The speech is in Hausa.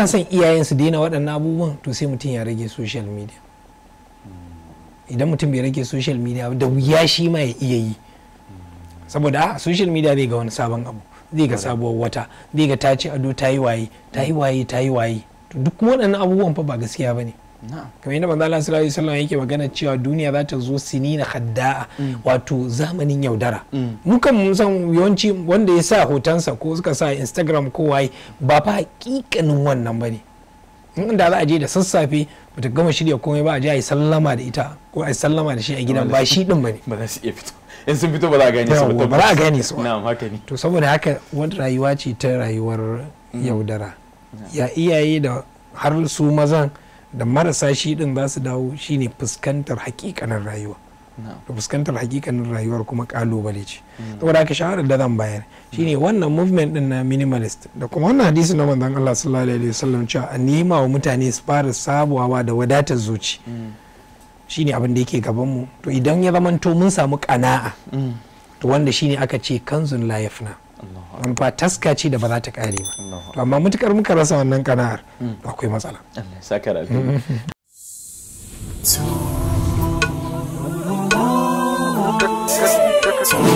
ana son iyayen su daina waɗannan abubuwan to sai mutum ya rage social media idan mutum bai rage social media da wuya shi ma ya iya yi saboda a ah, social media zai ga wani sabon abu zai ga sabuwar wata zai ga ta ce ado ta yi waye ta yi waye ta yi waye duk waɗannan abubuwan fa ba gaskiya ba ne kamar yadda manzo Allah sallallahu alaihi wasallam yake magana cewa duniya za ta zo sini na khadda'a mm. wato zamanin yaudara mm. mu kan mun san yawanci wanda ya sa hotonsa ko suka sa Instagram ko waye ba fa hakikanin wannan bane inda za a je da sassafe bata gama shirya komai ba a je a yi sallama da ita ko a yi sallama da shi a gidan ba shi din bane ba za su iya fito in sun fito ba za a gane su ba za a gane su na'am haka ne to saboda haka wata rayuwa ce ta rayuwar mm. yaudara ya iyaye da har su mazan da marasa shi din za su dawo shine fuskantar hakikanin rayuwa da fuskantar hakikanin rayuwar kuma kalubale ce mm. saboda haka shawarar da zan bayar shine mm. wannan movement din na minimalist da kuma wannan hadisi na manzon Allah sallallahu alaihi wasallam cewa a nema wa mutane su fara sabuwa da wadatar zuci mm. shine abin da yake gaban mu to idan ya zamanto mun samu kana'a to wanda shine aka ce kanzun layafna manufa taska ce da ba za ta kare ba amma mutukar muka rasa wannan kana'ar akwai matsala So